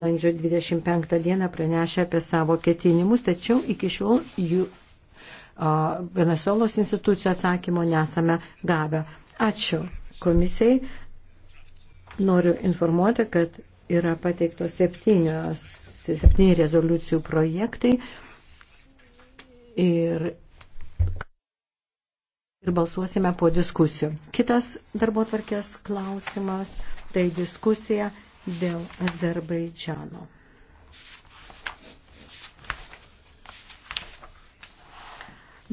balandžio 25 dieną pranešė apie savo ketinimus, tačiau iki šiol jų Venezuelos institucijų atsakymo nesame gavę. Ačiū komisijai. Noriu informuoti, kad yra pateiktos septynios, septyni rezoliucijų projektai ir, ir balsuosime po diskusijų. Kitas darbo tvarkės klausimas tai diskusija dėl Azerbaidžiano.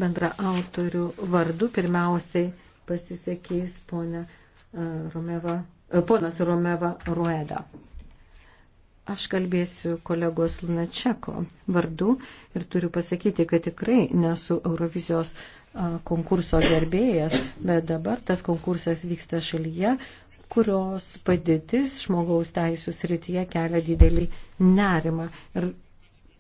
Bendra autorių vardu pirmiausiai pasisakys ponia e, Romeva, e, ponas Romeva Rueda. Aš kalbėsiu kolegos Lunačeko vardu ir turiu pasakyti, kad tikrai nesu Eurovizijos e, konkurso gerbėjas, bet dabar tas konkursas vyksta šalyje, kurios padėtis žmogaus teisų srityje kelia didelį nerimą. Ir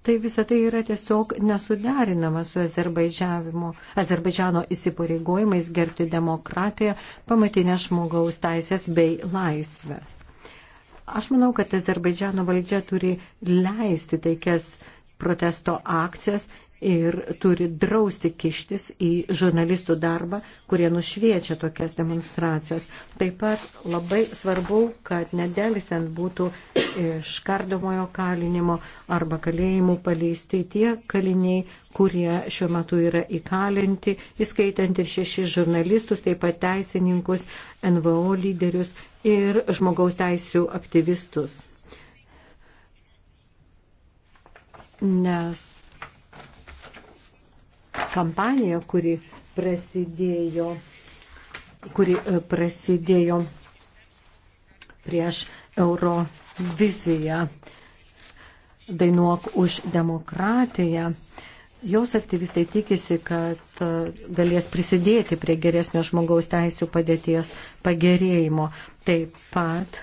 tai visa tai yra tiesiog nesuderinama su Azerbaidžiano įsipareigojimais gerbti demokratiją, pamatinės žmogaus teisės bei laisvės. Aš manau, kad Azerbaidžiano valdžia turi leisti taikias protesto akcijas ir turi drausti kištis į žurnalistų darbą, kurie nušviečia tokias demonstracijas. Taip pat labai svarbu, kad nedelisiant būtų iš kardomojo kalinimo arba kalėjimų paleisti tie kaliniai, kurie šiuo metu yra įkalinti, įskaitant ir šešis žurnalistus, taip pat teisininkus, NVO lyderius ir žmogaus teisų aktyvistus. Nes kampaniją, kuri prasidėjo, kuri e, prasidėjo prieš Euroviziją Dainuok už demokratiją. Jos aktyvistai tikisi, kad e, galės prisidėti prie geresnio žmogaus teisų padėties pagerėjimo. Taip pat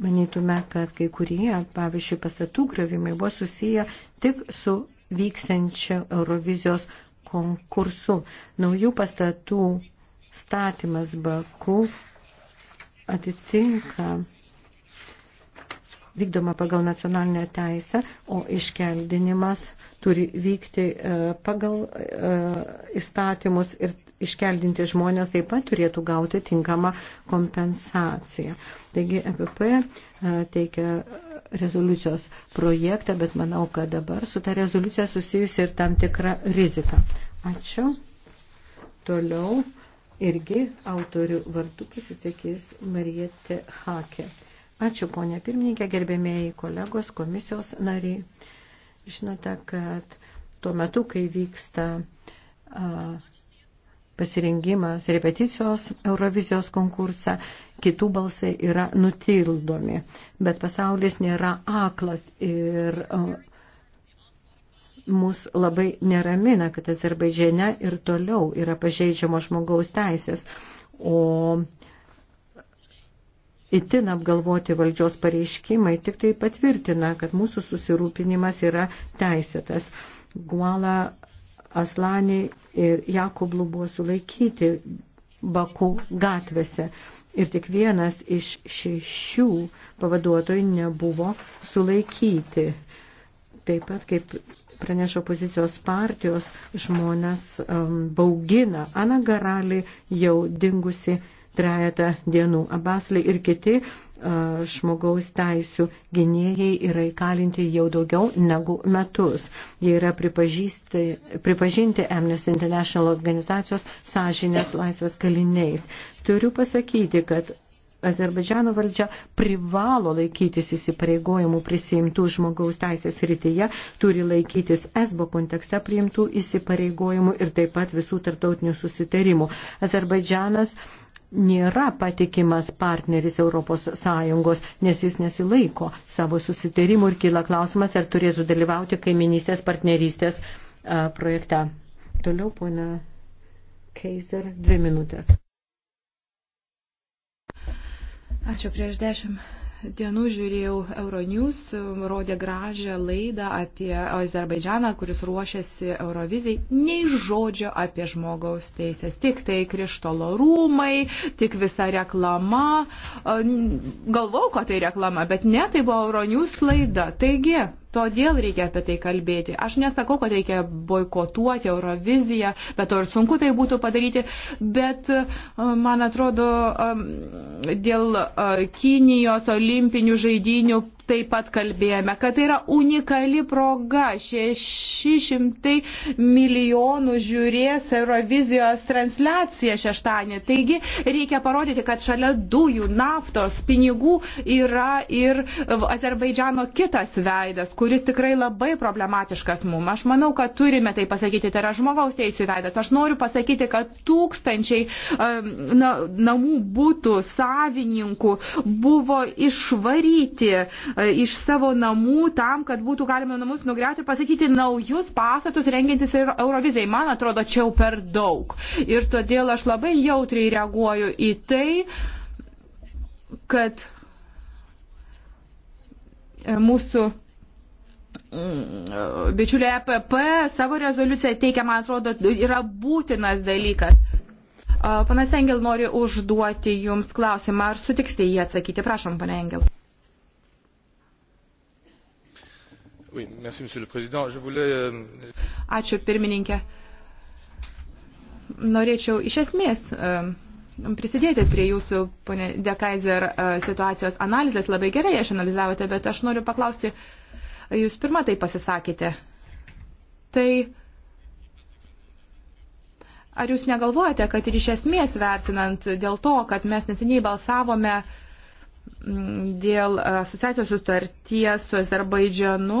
manytume, kad kai kurie, pavyzdžiui, pastatų griovimai buvo susiję tik su vyksiančiu Eurovizijos konkursu. Naujų pastatų statymas Baku atitinka vykdoma pagal nacionalinę teisę, o iškeldinimas turi vykti e, pagal e, įstatymus ir iškeldinti žmonės taip pat turėtų gauti tinkamą kompensaciją. Taigi EPP e, teikia rezoliucijos projektą, bet manau, kad dabar su ta rezoliucija susijusi ir tam tikra rizika. Ačiū. Toliau irgi autorių vardu pasisakys Mariette Hakė. Ačiū, ponė pirmininkė, gerbėmėjai kolegos, komisijos nariai. Žinote, kad tuo metu, kai vyksta uh, pasirengimas, repeticijos Eurovizijos konkursą, kitų balsai yra nutildomi. Bet pasaulis nėra aklas ir mus labai neramina, kad Azerbaidžiane ir toliau yra pažeidžiamos žmogaus teisės. O Įtin apgalvoti valdžios pareiškimai tik tai patvirtina, kad mūsų susirūpinimas yra teisėtas. Guala Aslani ir Jakoblu buvo sulaikyti Baku gatvėse. Ir tik vienas iš šešių pavaduotojų nebuvo sulaikyti. Taip pat, kaip praneša opozicijos partijos, žmonės um, baugina Ana Garali jau dingusi trejata dienų. Abaslai ir kiti žmogaus teisų gynėjai yra įkalinti jau daugiau negu metus. Jie yra pripažinti Amnesty International organizacijos sąžinės laisvės kaliniais. Turiu pasakyti, kad Azerbaidžiano valdžia privalo laikytis įsipareigojimų prisimtų žmogaus teisės rytyje, turi laikytis ESBO kontekste priimtų įsipareigojimų ir taip pat visų tarptautinių susitarimų. Azerbaidžianas uh, nėra patikimas partneris ES, nes jis nesilaiko savo susitarimų ir kyla klausimas, ar turėtų dalyvauti kaiminystės partnerystės projekte. Toliau, pona Keiser, dvi minutės. Ačiū prieš dešimt dienų žiūrėjau Euronews, rodė gražią laidą apie Azerbaidžaną, kuris ruošiasi Eurovizijai, nei žodžio apie žmogaus teisės, tik tai krištolo rūmai, tik visa reklama. Galvau, kad tai reklama, bet ne, tai buvo Euronews laida. Taigi, Todėl reikia apie tai kalbėti. Aš nesakau, kad reikia boikotuoti Euroviziją, bet to ir sunku tai būtų padaryti. Bet e, man atrodo, e, dėl e, Kinijos olimpinių žaidinių taip pat kalbėjome, kad tai yra unikali proga. 600 milijonų žiūrės Eurovizijos transliaciją šeštadienį. Taigi reikia parodyti, kad šalia dujų, naftos, pinigų yra ir Azerbaidžiano kitas veidas, kuris tikrai labai problematiškas mums. Aš manau, kad turime tai pasakyti, tai yra žmogaus teisų veidas. Aš noriu pasakyti, kad tūkstančiai na, namų būtų savininkų buvo išvaryti E, iš savo namų tam, kad būtų galima namus nugriauti ir pasakyti naujus pastatus rengiantis Eurovizijai. Man atrodo, čia jau per daug. Ir todėl aš labai jautriai reaguoju į tai, kad e, mūsų mm, bičiulė EPP savo rezoliuciją teikia, man atrodo, yra būtinas dalykas. E, Panas Engel nori užduoti Jums klausimą, ar sutiksite jį atsakyti. Prašom, pane Engel. Oui, merci, voulais... Euh, Ačiū pirmininkė. Norėčiau iš esmės um, prisidėti prie jūsų, ponė Dekaiser, uh, situacijos analizės. Labai gerai išanalizavote, bet aš noriu paklausti, jūs pirmą tai pasisakėte. Tai ar jūs negalvojate, kad ir iš esmės vertinant dėl to, kad mes neseniai balsavome uh, Mm, dėl asociacijos sutarties su Azerbaidžianu,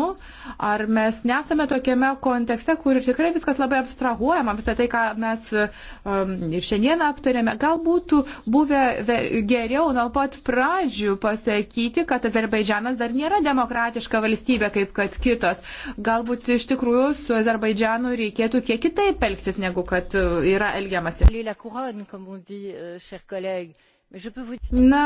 ar mes nesame tokiame kontekste, kur tikrai viskas labai abstrahuojama, visą tai, ką mes um, ir šiandien aptarėme, gal būtų buvę geriau nuo pat pradžių pasakyti, kad Azerbaidžianas dar nėra demokratiška valstybė kaip kad kitos. Galbūt iš tikrųjų su Azerbaidžianu reikėtų kiek kitaip elgtis, negu kad uh, yra elgiamasi. Euh, Na,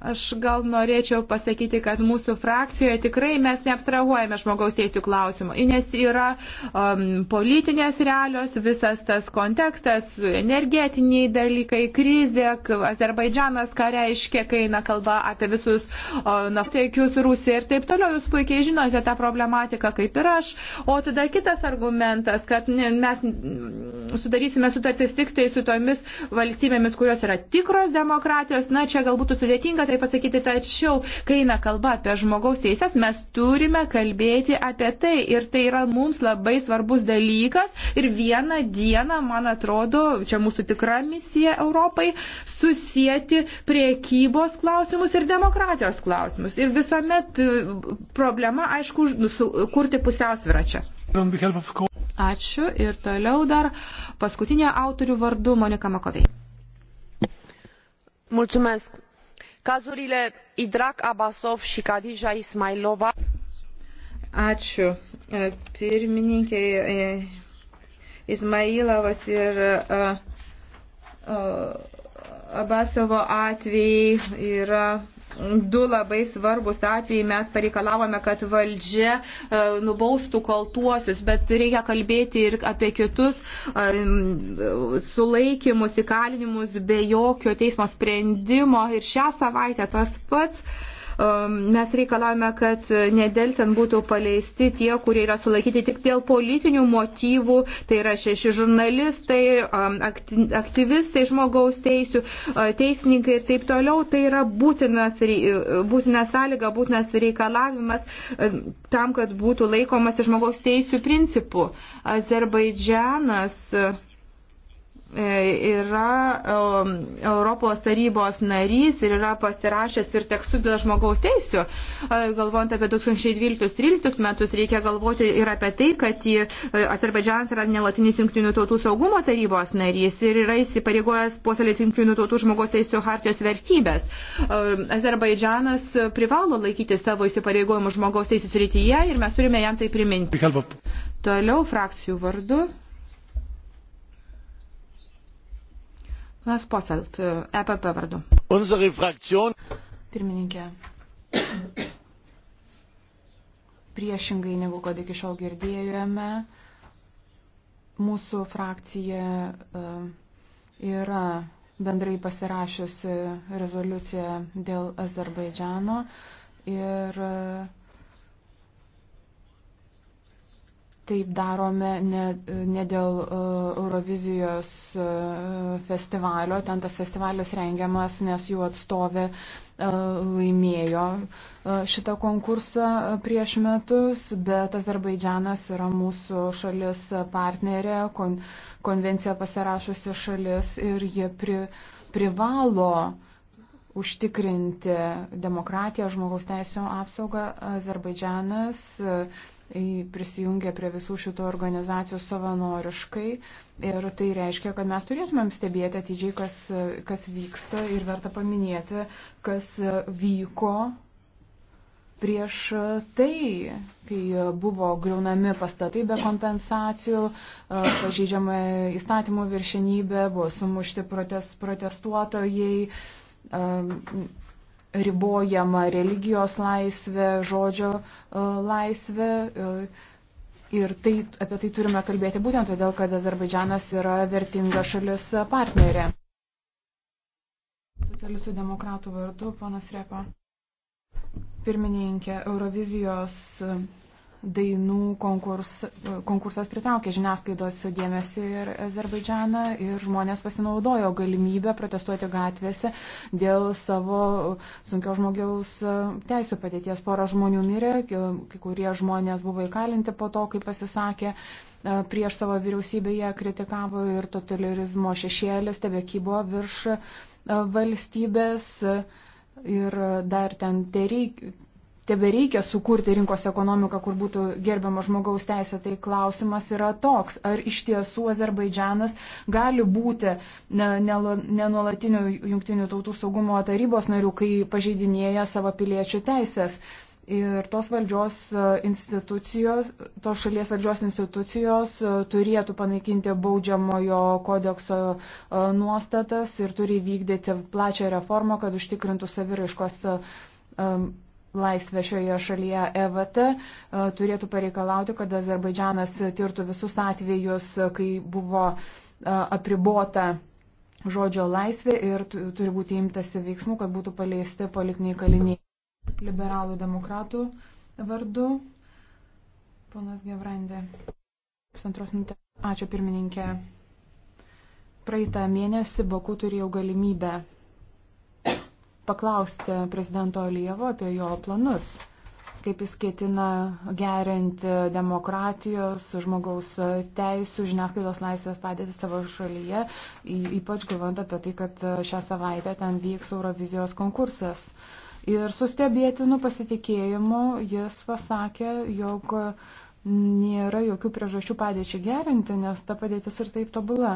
Aš gal norėčiau pasakyti, kad mūsų frakcijoje tikrai mes neapstrahuojame žmogaus teisų klausimų, nes yra um, politinės realios, visas tas kontekstas, energetiniai dalykai, krizė, Azerbaidžianas, ką reiškia, kai eina kalba apie visus uh, naftiekius Rusiją ir taip toliau. Jūs puikiai žinote tą problematiką kaip ir aš. O tada kitas argumentas, kad mes sudarysime sutartis tik tai su tomis valstybėmis, kurios yra tikros demokratijos. Na, čia galbūt sudėtinga protinga tai pasakyti, tačiau, kai eina kalba apie žmogaus teises, mes turime kalbėti apie tai. Ir tai yra mums labai svarbus dalykas. Ir vieną dieną, man atrodo, čia mūsų tikra misija Europai, susijęti priekybos klausimus ir demokratijos klausimus. Ir visuomet e, problema, aišku, nu, kurti pusiausvyrą čia. Ačiū ir toliau dar paskutinė autorių vardu Monika Makovei. Mulțumesc cazurile idrak abbasov i khadija ismailova Ačiū e, pirmininkiai e, Izmailovas ir e, Abasovo atvejai yra du labai svarbus atvejai. Mes pareikalavome, kad valdžia e, nubaustų kaltuosius, bet reikia kalbėti ir apie kitus e, sulaikimus, įkalinimus be jokio teismo sprendimo. Ir šią savaitę tas pats mes reikalavome, kad nedelsiant būtų paleisti tie, kurie yra sulaikyti tik dėl politinių motyvų, tai yra šeši žurnalistai, aktyvistai žmogaus teisų, e, teisininkai ir taip toliau. Tai yra būtinas, būtina sąlyga, būtinas reikalavimas tam, kad būtų laikomasi žmogaus teisų principų. Azerbaidžianas. E, yra e, Europos tarybos narys ir yra pasirašęs ir tekstus dėl žmogaus teisų. E, galvojant apie 2012-2013 metus, reikia galvoti ir apie tai, kad Azerbaidžianas yra nelatinis jungtinių tautų saugumo tarybos narys ir yra įsipareigojęs puoselėti jungtinių tautų žmogaus teisų hartijos vertybės. Azerbaidžianas privalo laikyti savo įsipareigojimų žmogaus teisų srityje ir mes turime jam tai priminti. Toliau frakcijų vardu Nas Poselt, EPP vardu. Pirmininkė. Priešingai negu kad iki šiol girdėjome, mūsų frakcija e, yra bendrai pasirašiusi rezoliuciją dėl Azerbaidžiano ir uh, taip darome ne, ne dėl e, Eurovizijos e, festivalio, ten tas festivalis rengiamas, nes jų atstovė e, laimėjo šitą konkursą prieš metus, bet Azerbaidžianas yra mūsų šalis partnerė, kon, konvenciją pasirašusi šalis ir jie pri, privalo užtikrinti demokratiją, žmogaus teisų apsaugą. Azerbaidžianas prisijungė prie visų šito organizacijų savanoriškai. Ir tai reiškia, kad mes turėtumėm stebėti atidžiai, kas, kas vyksta ir verta paminėti, kas vyko prieš tai, kai buvo griaunami pastatai be kompensacijų, pažydžiama įstatymų viršenybė, buvo sumušti protest, protestuotojai ribojama religijos laisvė, žodžio e, laisvė. E, ir tai, apie tai turime kalbėti būtent todėl, kad Azerbaidžianas yra vertinga šalis partnerė. Socialistų demokratų vardu, ponas Repa. Pirmininkė, Eurovizijos dainų konkurs, konkursas pritraukė žiniasklaidos dėmesį ir Azerbaidžianą ir žmonės pasinaudojo galimybę protestuoti gatvėse dėl savo sunkios žmogiaus teisų padėties. Pora žmonių mirė, kai kurie žmonės buvo įkalinti po to, kai pasisakė e, prieš savo vyriausybę, jie kritikavo ir totalitarizmo šešėlis tebekybo virš e, valstybės ir dar ten tereik tebe reikia sukurti rinkos ekonomiką, kur būtų gerbiama žmogaus teisė, tai klausimas yra toks, ar iš tiesų Azerbaidžianas gali būti nenuolatinių jungtinių tautų saugumo tarybos narių, kai pažeidinėja savo piliečių teisės. Ir tos valdžios institucijos, tos šalies valdžios institucijos e, turėtų panaikinti baudžiamojo kodekso e, nuostatas ir turi vykdyti plačią reformą, kad užtikrintų saviraiškos um, laisvę šioje šalyje EVT e, turėtų pareikalauti, kad Azerbaidžianas tirtų visus atvejus, kai buvo e, apribota žodžio laisvė ir turi būti imtasi veiksmų, kad būtų paleisti politiniai kaliniai. Liberalų demokratų vardu. Ponas Gevrandė. Pusantros minutės. Ačiū pirmininkė. Praeitą mėnesį Baku turėjau galimybę paklausti prezidento Alievo apie jo planus, kaip jis ketina gerinti demokratijos, žmogaus teisų, žiniasklaidos laisvės padėtį savo šalyje, ypač galvojant apie tai, kad šią savaitę ten vyks Eurovizijos konkursas. Ir su stebėtinu pasitikėjimu jis pasakė, jog uh, nėra jokių priežasčių padėčiai gerinti, nes ta padėtis ir taip tobula.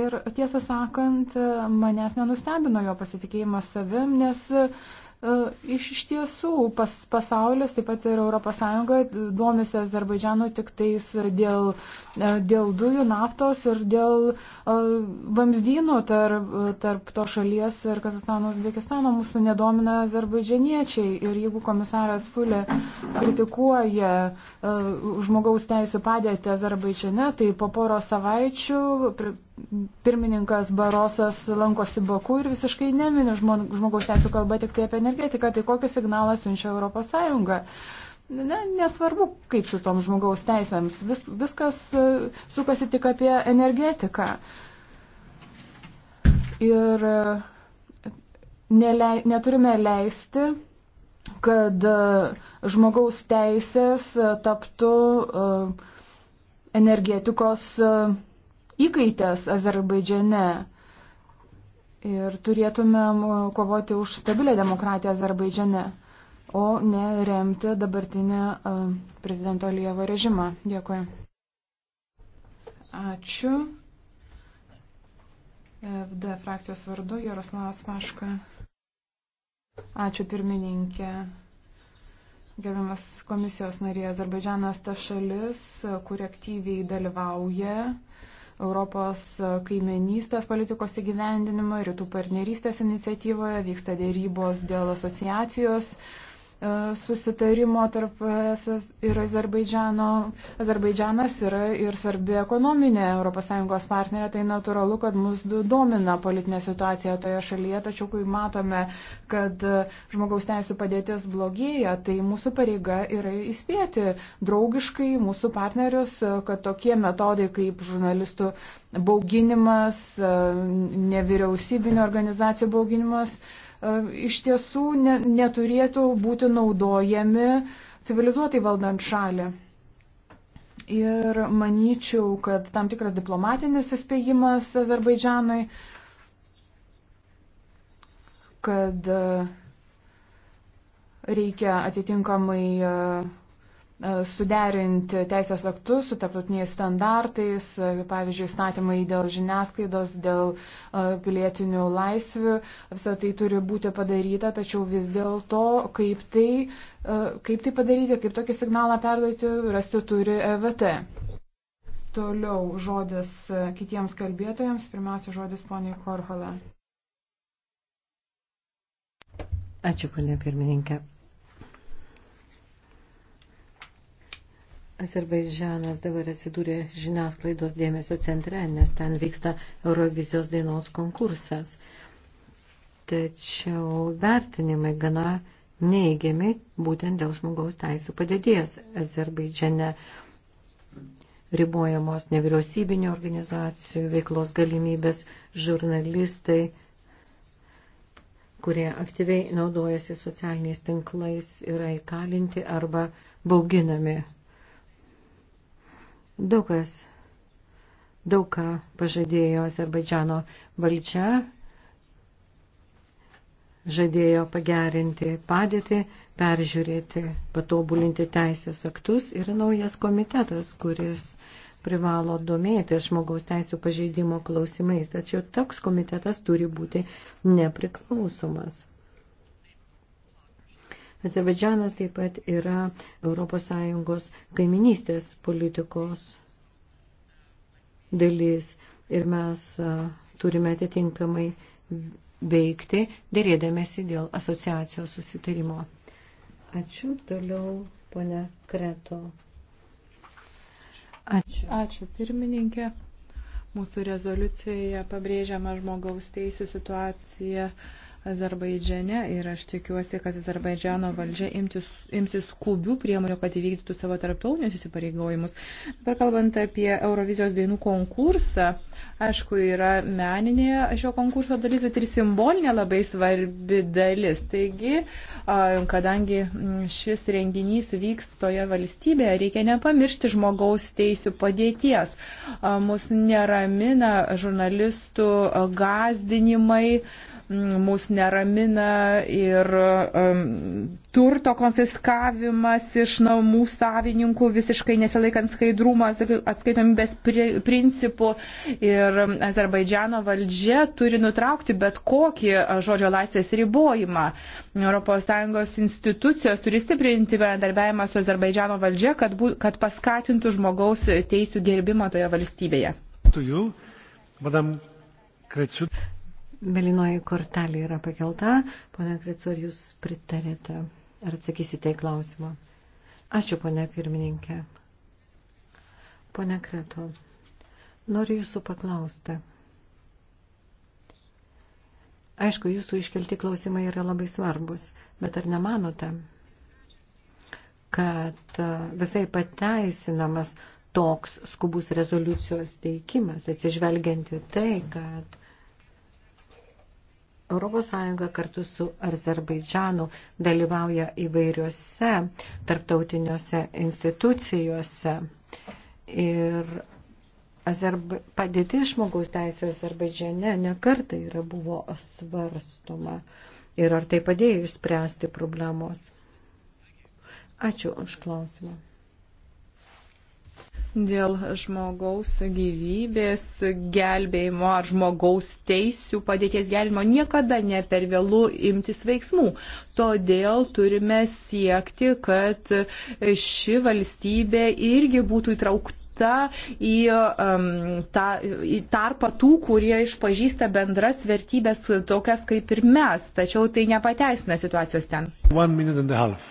Ir tiesą sakant, manęs nenustebino jo pasitikėjimas savim, nes E, iš, iš tiesų, pas, pasaulis, taip pat ir ES duomisi Azerbaidžianu tik tais dėl, e, dėl dujų, naftos ir dėl e, vamzdynų tarp, tarp to šalies ir Kazastano, Uzbekistano mūsų nedomina azerbaidžianiečiai. Ir jeigu komisaras Fulė kritikuoja žmogaus teisų padėtį Azerbaidžiane, tai po poro savaičių. Pri, pirmininkas Barosas lankosi Baku ir visiškai nemini žmogaus teisų kalba tik tai apie energetiką, tai kokį signalą siunčia Europos Sąjunga? Ne, nesvarbu, kaip su tom žmogaus teisėms, vis, viskas e, sukasi tik apie energetiką. Ir e, nelei, neturime leisti, kad e, žmogaus teisės taptų energetikos įkaitės Azerbaidžiane. Ir turėtumėm e, kovoti už stabilę demokratiją Azerbaidžiane, o ne remti dabartinę e, prezidento Lievo režimą. Dėkui. Ačiū. FD frakcijos vardu Jaroslavas Paška. Ačiū pirmininkė. Gerbiamas komisijos narė Azerbaidžianas ta šalis, e, kur aktyviai dalyvauja Europos kaimenystės politikos įgyvendinimą, rytų partnerystės iniciatyvoje vyksta dėrybos dėl asociacijos E, susitarimo tarp ES ir Azerbaidžiano. Azerbaidžianas yra ir svarbi ekonominė ES partnerė, tai natūralu, kad mus domina politinė situacija toje šalyje, tačiau kai matome, kad e, žmogaus teisų padėtis blogėja, tai mūsų pareiga yra įspėti draugiškai mūsų partnerius, e, kad tokie metodai kaip žurnalistų bauginimas, nevyriausybinio organizacijų bauginimas, E, iš tiesų ne, neturėtų būti naudojami civilizuotai valdant šalį. Ir manyčiau, kad tam tikras diplomatinis įspėjimas Azerbaidžianui, kad e, reikia atitinkamai e, E, suderinti teisės aktus su tarptautiniais standartais, e, pavyzdžiui, statymai dėl žiniasklaidos, dėl e, pilietinių laisvių, visą tai turi būti padaryta, tačiau vis dėlto, kaip, tai, kaip tai padaryti, kaip tokį signalą perduoti, rasti turi EVT. Toliau žodis kitiems kalbėtojams, pirmiausia žodis poniai Korhola. Ačiū, ponia pirmininkė. Azerbaidžianas dabar atsidūrė žiniasklaidos dėmesio centre, nes ten vyksta Eurovizijos dainos konkursas. Tačiau vertinimai gana neįgiami būtent dėl žmogaus teisų padėties Azerbaidžiane ribojamos nevyriausybinio organizacijų veiklos galimybės, žurnalistai, kurie aktyviai naudojasi socialiniais tinklais, yra įkalinti arba bauginami Daug kas, daug ką pažadėjo Azerbaidžiano valdžia, žadėjo pagerinti padėtį, peržiūrėti, patobulinti teisės aktus ir naujas komitetas, kuris privalo domėtis žmogaus teisų pažeidimo klausimais. Tačiau toks komitetas turi būti nepriklausomas. Azerbaidžianas taip pat yra ES kaiminystės politikos dalis ir mes turime atitinkamai veikti, dėrėdamėsi dėl asociacijos susitarimo. Ačiū. Toliau ponia Kreto. Ačiū. Ačiū pirmininkė. Mūsų rezoliucijoje pabrėžiama žmogaus teisų situacija Azerbaidžiane ir aš tikiuosi, kad Azerbaidžiano valdžia imtis, imsis skubių priemonių, kad įvykdytų savo tarptautinius įsipareigojimus. Dabar kalbant apie Eurovizijos dainų konkursą, aišku, yra meninė šio konkurso dalis, bet ir simbolinė labai svarbi dalis. Taigi, kadangi mm, šis renginys vyks toje valstybėje, reikia nepamiršti žmogaus teisų padėties. Mus neramina žurnalistų gazdinimai mūsų neramina ir um, turto konfiskavimas iš namų savininkų visiškai nesilaikant skaidrumo atskaitomybės principų ir um, Azerbaidžiano valdžia turi nutraukti bet kokį uh, žodžio laisvės ribojimą. ES institucijos turi stiprinti bendarbiavimą su Azerbaidžiano valdžia, kad, bu, kad paskatintų žmogaus teisų gerbimą toje valstybėje. Tu jau, madam, krečiu. Melinoji kortelė yra pakelta. Pone Kricor, jūs pritarėte ar atsakysite į klausimą? Ačiū, pone pirmininkė. Pone Kreto, noriu jūsų paklausti. Aišku, jūsų iškelti klausimai yra labai svarbus, bet ar nemanote, kad e, visai pateisinamas toks skubus rezoliucijos teikimas, atsižvelgianti tai, kad ES kartu su Azerbaidžanu dalyvauja įvairiuose tarptautiniuose institucijose ir Azerba... padėtis žmogaus teisų Azerbaidžiane nekartai yra buvo svarstoma ir ar tai padėjo išspręsti problemos. Ačiū už klausimą dėl žmogaus gyvybės gelbėjimo ar žmogaus teisių padėties gelbėjimo niekada ne per vėlų imtis veiksmų. Todėl turime siekti, kad ši valstybė irgi būtų įtraukta į, um, ta, į tarpą tų, kurie išpažįsta bendras vertybės tokias kaip ir mes. Tačiau tai nepateisina situacijos ten. One minute and a half.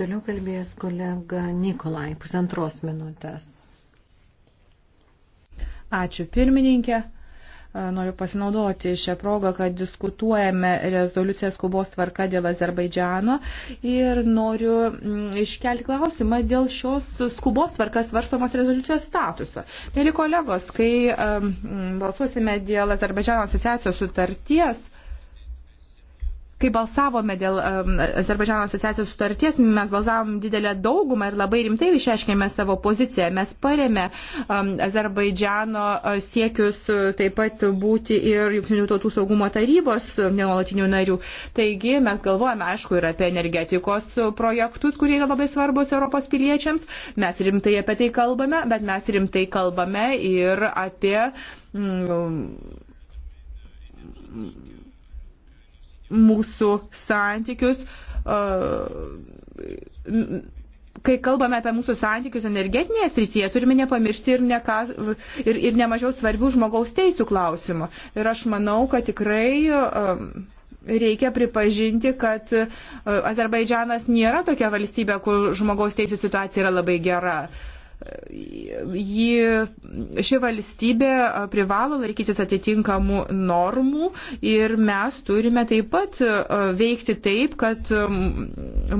Toliau kalbėjęs kolega Nikolai, pusantros minutės. Ačiū pirmininkė. Noriu pasinaudoti šią progą, kad diskutuojame rezoliuciją skubos tvarka dėl Azerbaidžiano ir noriu mm, iškelti klausimą dėl šios skubos tvarkas varstomos rezoliucijos statuso. Mėly kolegos, kai balsuosime dėl Azerbaidžiano asociacijos sutarties, Kai balsavome dėl um, Azerbaidžiano asociacijos sutarties, mes balsavom didelę daugumą ir labai rimtai išreiškėme savo poziciją. Mes paremė um, Azerbaidžiano e, siekius e, taip pat būti ir Junktinių tautų saugumo tarybos e, nenuolatinių narių. Taigi mes galvojame, aišku, ir apie energetikos projektus, kurie yra labai svarbus Europos piliečiams. Mes rimtai apie tai kalbame, bet mes rimtai kalbame ir apie. Mm, mūsų santykius. Kai kalbame apie mūsų santykius energetinėje srityje, turime nepamiršti ir, neka, ir, ir nemažiau svarbių žmogaus teisų klausimų. Ir aš manau, kad tikrai um, reikia pripažinti, kad Azerbaidžianas nėra tokia valstybė, kur žmogaus teisų situacija yra labai gera. Uh, Ji, ši valstybė privalo laikytis atitinkamų normų ir mes turime taip pat e, veikti taip, kad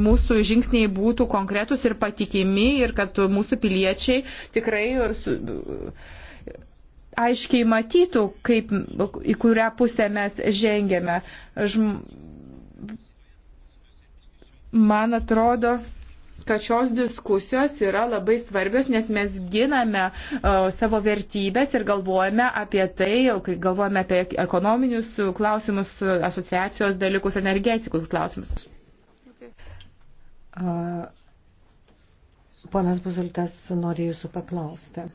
mūsų žingsniai būtų konkretus ir patikimi ir kad mūsų piliečiai tikrai aiškiai matytų, kaip, į kurią pusę mes žengėme. Žm... Man atrodo, kad šios diskusijos yra labai svarbios, nes mes giname uh, savo vertybės ir galvojame apie tai, kai galvojame apie ekonominius klausimus, asociacijos dalykus, energetikos klausimus. Uh, ponas Buzultas nori jūsų paklausti.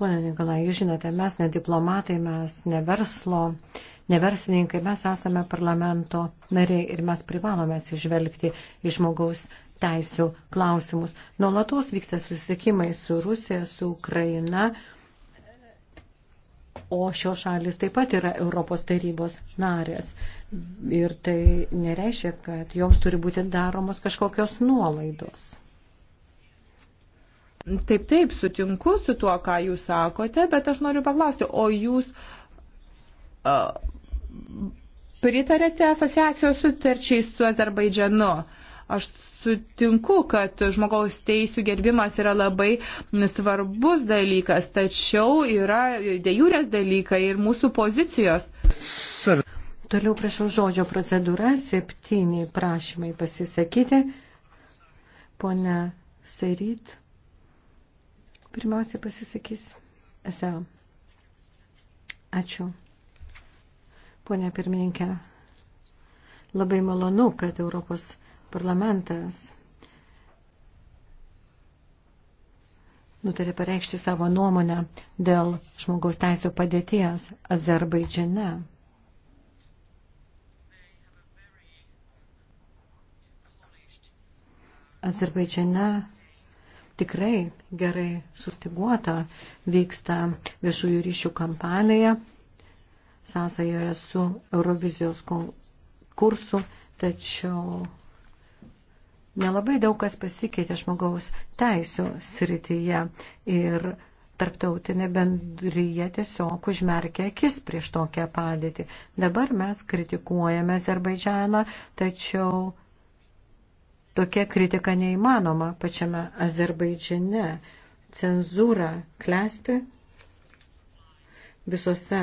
Pone Nikolai, jūs žinote, mes ne diplomatai, mes ne verslo neversininkai, mes esame parlamento nariai ir mes privalome atsižvelgti į žmogaus teisų klausimus. Nuolatos vyksta susitikimai su Rusija, su Ukraina, o šios šalis taip pat yra Europos tarybos narės. Ir tai nereiškia, kad joms turi būti daromos kažkokios nuolaidos. Taip, taip, sutinku su tuo, ką jūs sakote, bet aš noriu paklausti, o jūs uh, pritarėte asociacijos sutarčiai su Azerbaidžianu? Aš sutinku, kad žmogaus teisų gerbimas yra labai svarbus dalykas, tačiau yra dėjūrės dalykai ir mūsų pozicijos. Sir. Toliau prašau žodžio procedūra, septyni prašymai pasisakyti. Pone Sairyt, pirmiausia pasisakys SEO. Ačiū. Pone pirmininkė, labai malonu, kad Europos parlamentas nutarė pareikšti savo nuomonę dėl žmogaus teisų padėties Azerbaidžiane. Azerbaidžiane tikrai gerai sustiguota vyksta viešųjų ryšių kampanija sąsajoje su Eurovizijos kursu, tačiau nelabai daug kas pasikeitė žmogaus teisų srityje ir tarptautinė bendryje tiesiog užmerkė akis prieš tokią padėtį. Dabar mes kritikuojame Azerbaidžianą, tačiau tokia kritika neįmanoma pačiame Azerbaidžiane. Cenzūra klesti visose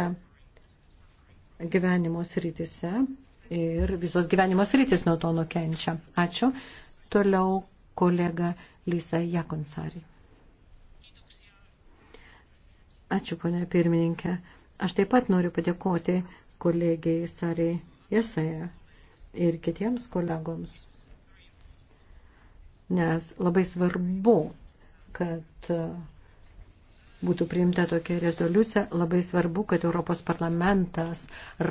gyvenimo srityse ir visos gyvenimo sritis nuo to nukenčia. Ačiū. Toliau kolega Lisa Jakonsari. Ačiū, ponia pirmininkė. Aš taip pat noriu padėkoti kolegijai Sariai Jesaja ir kitiems kolegoms. Nes labai svarbu, kad būtų priimta tokia rezoliucija, labai svarbu, kad Europos parlamentas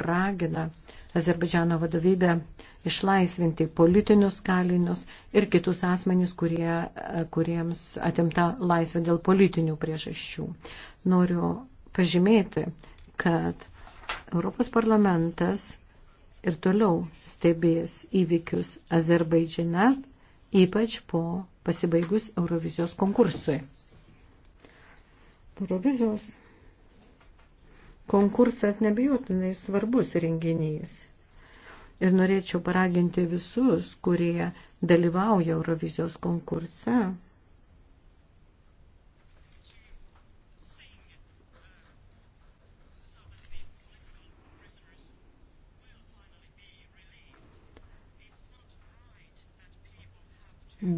ragina uh, Azerbaidžiano vadovybę išlaisvinti politinius kalinius ir kitus asmenys, kurie, kuriems atimta laisvė dėl politinių priežasčių. Noriu pažymėti, kad Europos parlamentas ir toliau stebės įvykius Azerbaidžine, ypač po pasibaigus Eurovizijos konkursui. Eurovizijos konkursas nebejotinai svarbus renginys Ir norėčiau paraginti visus, kurie dalyvauja Eurovizijos konkurse,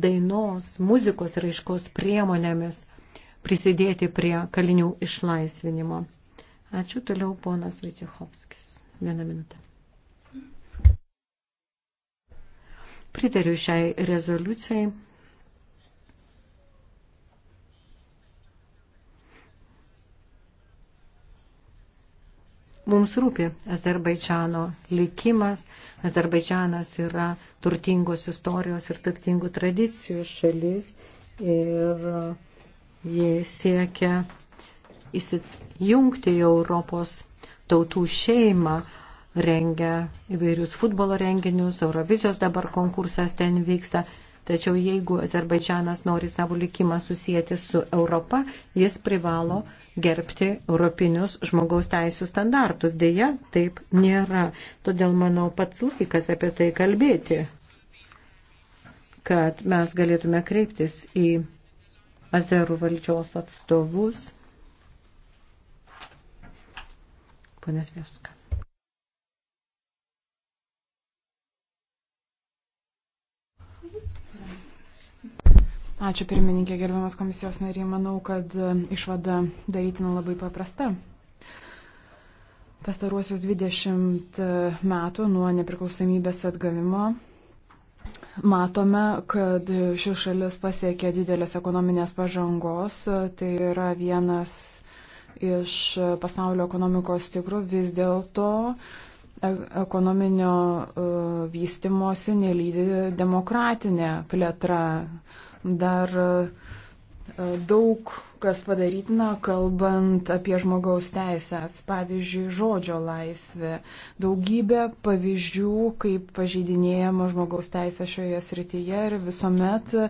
dainos, muzikos raiškos priemonėmis prisidėti prie kalinių išlaisvinimo. Ačiū toliau ponas Vaicechovskis. Vieną minutę. Pritariu šiai rezoliucijai. Mums rūpi Azerbaidžiano likimas. Azerbaidžianas yra turtingos istorijos ir turtingų tradicijų šalis ir jie siekia įsijungti į Europos tautų šeimą, rengia įvairius futbolo renginius, Eurovizijos dabar konkursas ten vyksta. Tačiau jeigu Azerbaidžianas nori savo likimą susijęti su Europa, jis privalo gerbti europinius žmogaus teisų standartus. Deja, taip nėra. Todėl manau pats laikas apie tai kalbėti, kad mes galėtume kreiptis į Azerų valdžios atstovus. Ponas Vieska. Ačiū pirmininkė, gerbiamas komisijos nariai. Manau, kad e, išvada darytina labai paprasta. Pastaruosius 20 e, metų nuo nepriklausomybės atgavimo Matome, kad ši šalis pasiekė didelės ekonominės pažangos, tai yra vienas iš pasaulio ekonomikos tikrų, vis dėlto uh, ekonominio e, vystimosi nelydi demokratinė plėtra. Dar e, e, daug kas padarytina, kalbant apie žmogaus teisės, pavyzdžiui, žodžio laisvė, daugybė pavyzdžių, kaip pažeidinėjama žmogaus teisė šioje srityje ir visuomet e,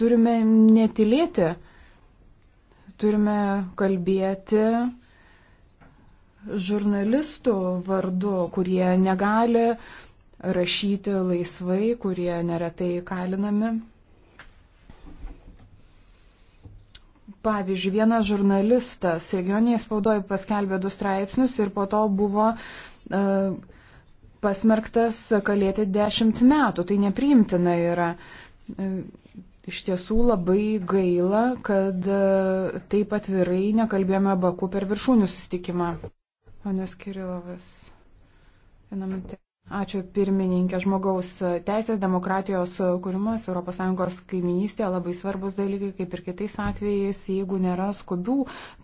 turime netilėti, turime kalbėti žurnalistų vardu, kurie negali rašyti laisvai, kurie neretai kalinami. Pavyzdžiui, vienas žurnalistas regioniai spaudoje paskelbė du straipsnius ir po to buvo uh, pasmerktas kalėti dešimt metų. Tai nepriimtina yra. Uh, iš tiesų labai gaila, kad e, taip atvirai nekalbėjome Baku per viršūnių susitikimą. Panas Kirilovas. Vieną minutę. Ačiū pirmininkė. Žmogaus teisės, demokratijos kūrimas ES kaiminystėje labai svarbus dalykai, kaip ir kitais atvejais, jeigu nėra skubių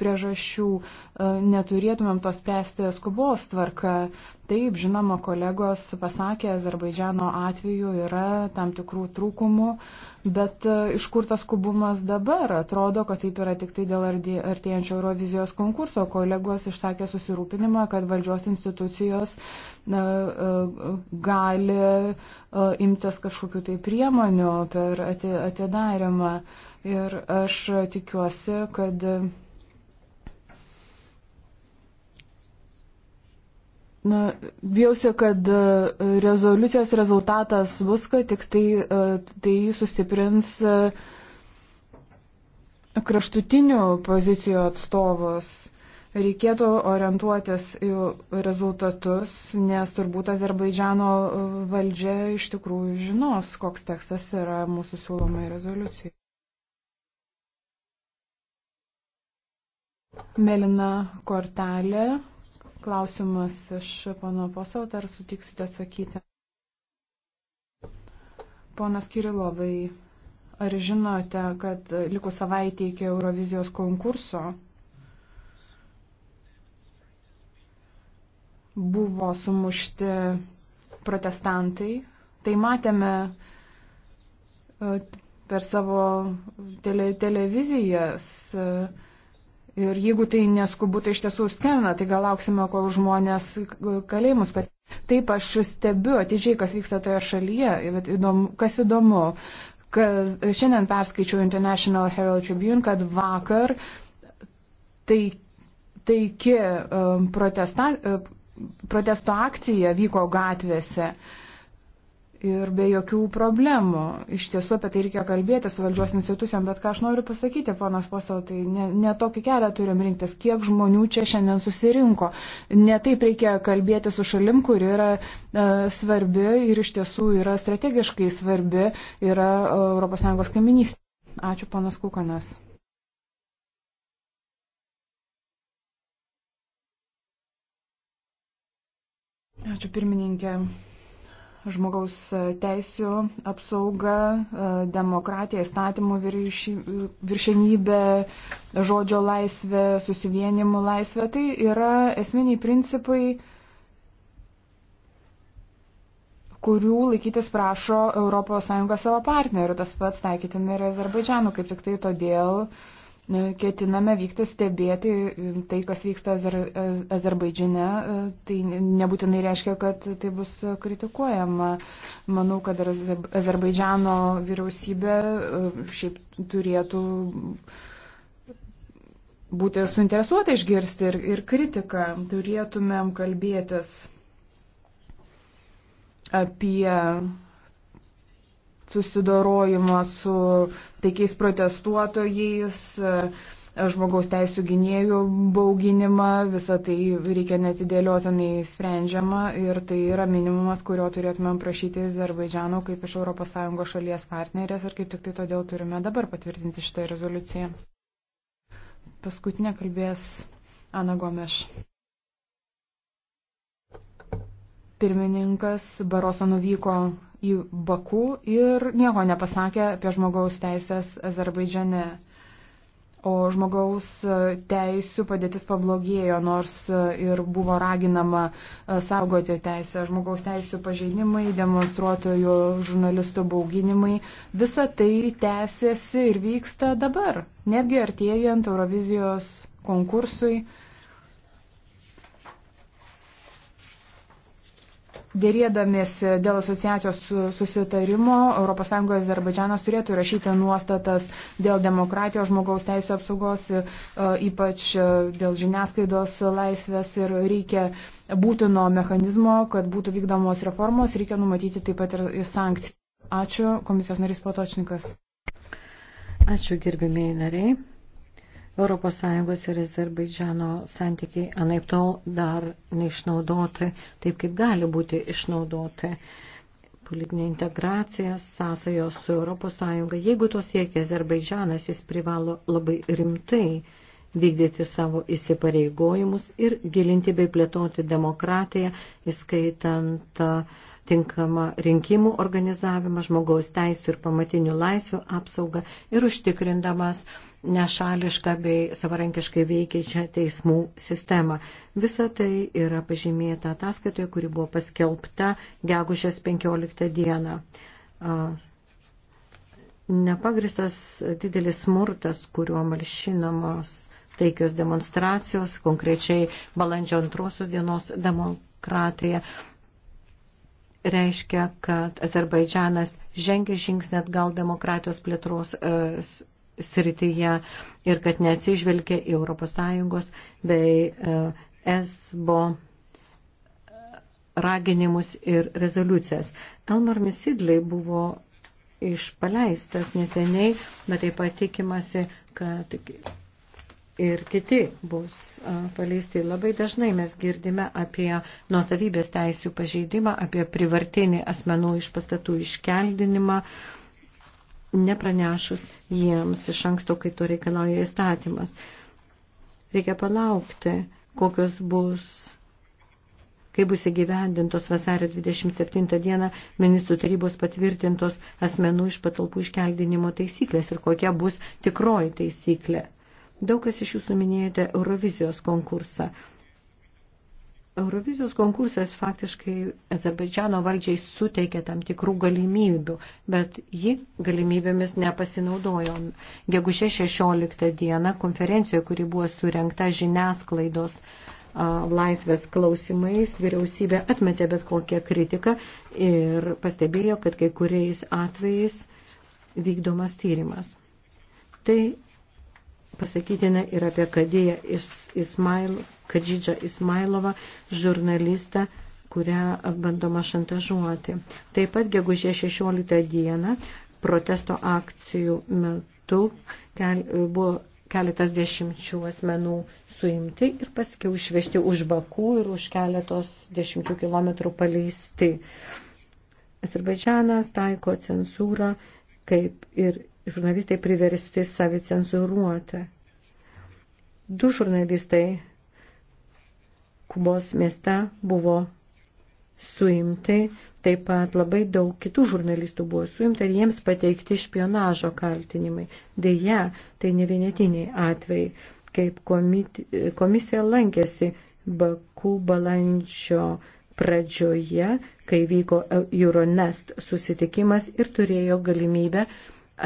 priežasčių, e, neturėtumėm to spręsti skubos tvarka. Taip, žinoma, kolegos pasakė, Azerbaidžiano atveju yra tam tikrų trūkumų, bet e, iš kur tas skubumas dabar? Atrodo, kad taip yra tik tai dėl artėjančio Eurovizijos konkurso. Kolegos išsakė susirūpinimą, kad valdžios institucijos na, e, e, gali imtis kažkokiu tai priemonių per atidarimą. Ir aš tikiuosi, kad Na, bijausi, kad e, rezoliucijos rezultatas bus, kad tik tai, e, tai sustiprins e, kraštutinių pozicijų atstovus. Reikėtų orientuotis į rezultatus, nes turbūt Azerbaidžiano valdžia iš tikrųjų žinos, koks tekstas yra mūsų siūlomai rezoliucijai. Melina kortelė. Klausimas iš pono posalt, ar sutiksite atsakyti? Ponas Kirilovai, ar žinote, kad likus savaitė iki Eurovizijos konkurso buvo sumušti protestantai? Tai matėme e, per savo tele, televizijas. Uh, Ir jeigu tai neskubu, tai iš tiesų skena, tai gal lauksime, kol žmonės kalėjimus pat. Taip, aš stebiu atidžiai, kas vyksta toje šalyje, bet įdomu, kas įdomu, kas šiandien perskaičiau International Herald Tribune, kad vakar tai, taiki um, protesta, protesto akcija vyko gatvėse. Uh, ir be jokių problemų. Iš tiesų apie tai reikia kalbėti su valdžios institucijom, bet ką aš noriu pasakyti, ponas Posel, tai ne, ne tokį kelią turim rinktis, kiek žmonių čia šiandien susirinko. Ne taip reikia kalbėti su šalim, kuri yra e, svarbi ir iš tiesų yra strategiškai svarbi, yra ES kaiminystė. Ačiū, ponas Kukanas. Ačiū pirmininkė žmogaus e, teisų apsauga, e, demokratija, įstatymų viršenybė, žodžio laisvė, susivienimų laisvė. Tai yra esminiai principai, kurių laikytis prašo ES savo partnerių. Tas pats taikytina ir Azerbaidžianų, kaip tik tai todėl uh, ketiname vykti stebėti e, tai, kas vyksta Azer Azerbaidžiane, e, tai nebūtinai reiškia, kad tai bus kritikuojama. Manau, kad Azerbaidžiano vyriausybė e, šiaip turėtų būti suinteresuota išgirsti ir, ir kritiką. Turėtumėm kalbėtis apie susidorojimą su taikiais protestuotojais, e, žmogaus teisų gynėjų bauginimą, visą tai reikia netidėliotinai sprendžiama ir tai yra minimumas, kurio turėtumėm prašyti Azerbaidžiano kaip iš ES šalies partnerės ir kaip tik tai todėl turime dabar patvirtinti šitą rezoliuciją. Paskutinė kalbės Ana Gomeš. Pirmininkas Baroso nuvyko į Baku ir nieko nepasakė apie žmogaus teisės Azerbaidžiane. O žmogaus teisų padėtis pablogėjo, nors ir buvo raginama e, saugoti teisę. Žmogaus teisų pažeidimai, demonstruotojų žurnalistų bauginimai. Visa tai tęsiasi ir vyksta dabar, netgi artėjant Eurovizijos konkursui Dėrėdamis dėl asociacijos susitarimo, ES Azerbaidžianas turėtų rašyti nuostatas dėl demokratijos, žmogaus teisų apsaugos, e, ypač e, dėl žiniasklaidos laisvės ir reikia būtino mechanizmo, kad būtų vykdomos reformos, reikia numatyti taip pat ir sankcijas. Ačiū, komisijos narys Patočnikas. Ačiū, gerbėmiai nariai. ES ir Azerbaidžiano santykiai anaip tol dar neišnaudoti taip, kaip gali būti išnaudoti. Politinė integracija, sąsajos su ES. Jeigu to siekia Azerbaidžianas, jis privalo labai rimtai vykdyti savo įsipareigojimus ir gilinti bei plėtoti demokratiją, įskaitant tinkamą rinkimų organizavimą, žmogaus teisų ir pamatinių laisvių apsaugą ir užtikrindamas uh, nešališką bei savarankiškai veikiančią teismų sistemą. Visa tai yra pažymėta ataskaitoje, kuri buvo paskelbta gegužės 15 dieną. Nepagristas didelis smurtas, kuriuo malšinamos taikios demonstracijos, konkrečiai balandžio antrosios dienos demokratija, reiškia, kad Azerbaidžianas žengia žingsnį atgal demokratijos plėtros e, srityje ir kad neatsižvelgia į ES bei ESBO raginimus ir rezoliucijas. Elmar Misidlai buvo išpaleistas neseniai, bet taip pat tikimasi, kad ir kiti bus e, paleisti. Labai dažnai mes girdime apie nuosavybės teisų pažeidimą, apie privartinį asmenų iš pastatų iškeldinimą, nepranešus jiems iš anksto, kai to reikalauja įstatymas. Reikia palaukti, kokios bus kai bus įgyvendintos vasario 27 dieną ministrų tarybos patvirtintos asmenų iš patalpų iškeldinimo taisyklės ir kokia bus tikroji taisyklė. Daug kas iš jūsų minėjote Eurovizijos konkursą. Eurovizijos konkursas faktiškai Azerbaidžiano valdžiai suteikė tam tikrų galimybių, bet ji galimybėmis nepasinaudojo. Gegužė 16 dieną konferencijoje, kuri buvo surenkta žiniasklaidos a, laisvės klausimais, vyriausybė atmetė bet kokią kritiką ir pastebėjo, kad kai kuriais atvejais vykdomas tyrimas. Tai pasakytina ir apie Kadėją Ismail, Kadžidžą Ismailovą, žurnalistą, kurią bandoma šantažuoti. Taip pat gegužė 16 dieną protesto akcijų metu kel, buvo keletas dešimčių asmenų suimti ir paskiau išvežti už Bakų ir už keletos dešimčių kilometrų paleisti. Azerbaidžianas taiko cenzūrą kaip ir žurnalistai priversti savicenzuruoti. Du žurnalistai Kubos mieste buvo suimti, taip pat labai daug kitų žurnalistų buvo suimta ir jiems pateikti špionažo kaltinimai. Deja, tai ne vienetiniai atvejai, kaip komisija lankėsi Baku balandžio pradžioje, kai vyko Euronest susitikimas ir turėjo galimybę uh,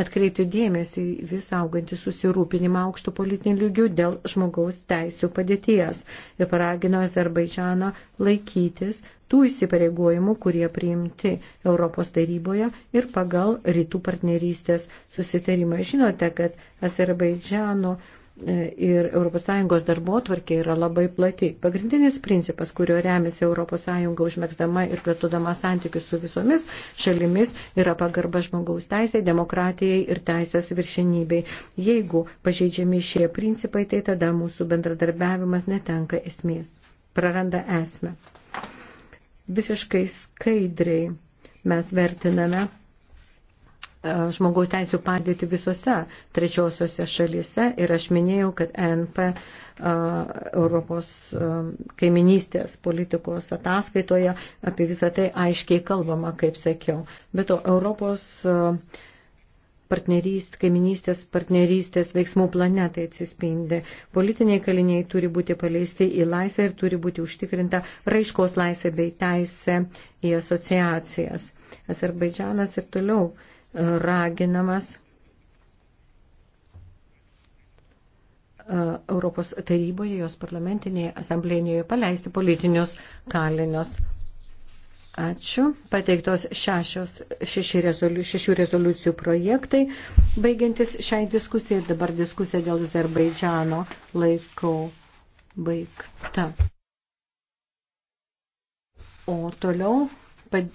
atkreipti dėmesį vis augantį susirūpinimą aukštų politinių lygių dėl žmogaus teisų padėties ir paragino Azerbaidžianą laikytis tų įsipareigojimų, kurie priimti Europos taryboje ir pagal rytų partnerystės susitarimą. Žinote, kad Azerbaidžiano uh, ir ES darbo tvarkė yra labai plati. Pagrindinis principas, kurio remiasi ES užmėgsdama ir plėtodama santykius su visomis šalimis, yra pagarba žmogaus teisai, demokratijai ir teisės viršinybei. Jeigu pažeidžiami šie principai, tai tada mūsų bendradarbiavimas netenka esmės, praranda esmę. Visiškai skaidriai mes vertiname E, žmogaus teisų padėti visose trečiosiose šalyse ir aš minėjau, kad ENP e, Europos e, kaiminystės politikos ataskaitoje apie visą tai aiškiai kalbama, kaip sakiau. Bet to Europos partnerystės, kaiminystės partnerystės veiksmų plane tai atsispindi. Politiniai kaliniai turi būti paleisti į laisvę ir turi būti užtikrinta raiškos laisvė bei teisė į asociacijas. Azerbaidžianas ir toliau uh, raginamas e, Europos taryboje, jos parlamentinėje asamblėnėje paleisti politinius kalinius. Ačiū. Pateiktos šešios, šeši rezoliu, šešių rezoliucijų projektai. Baigiantis šiai diskusijai, dabar diskusija dėl Azerbaidžiano laikau baigta. O toliau. Pad...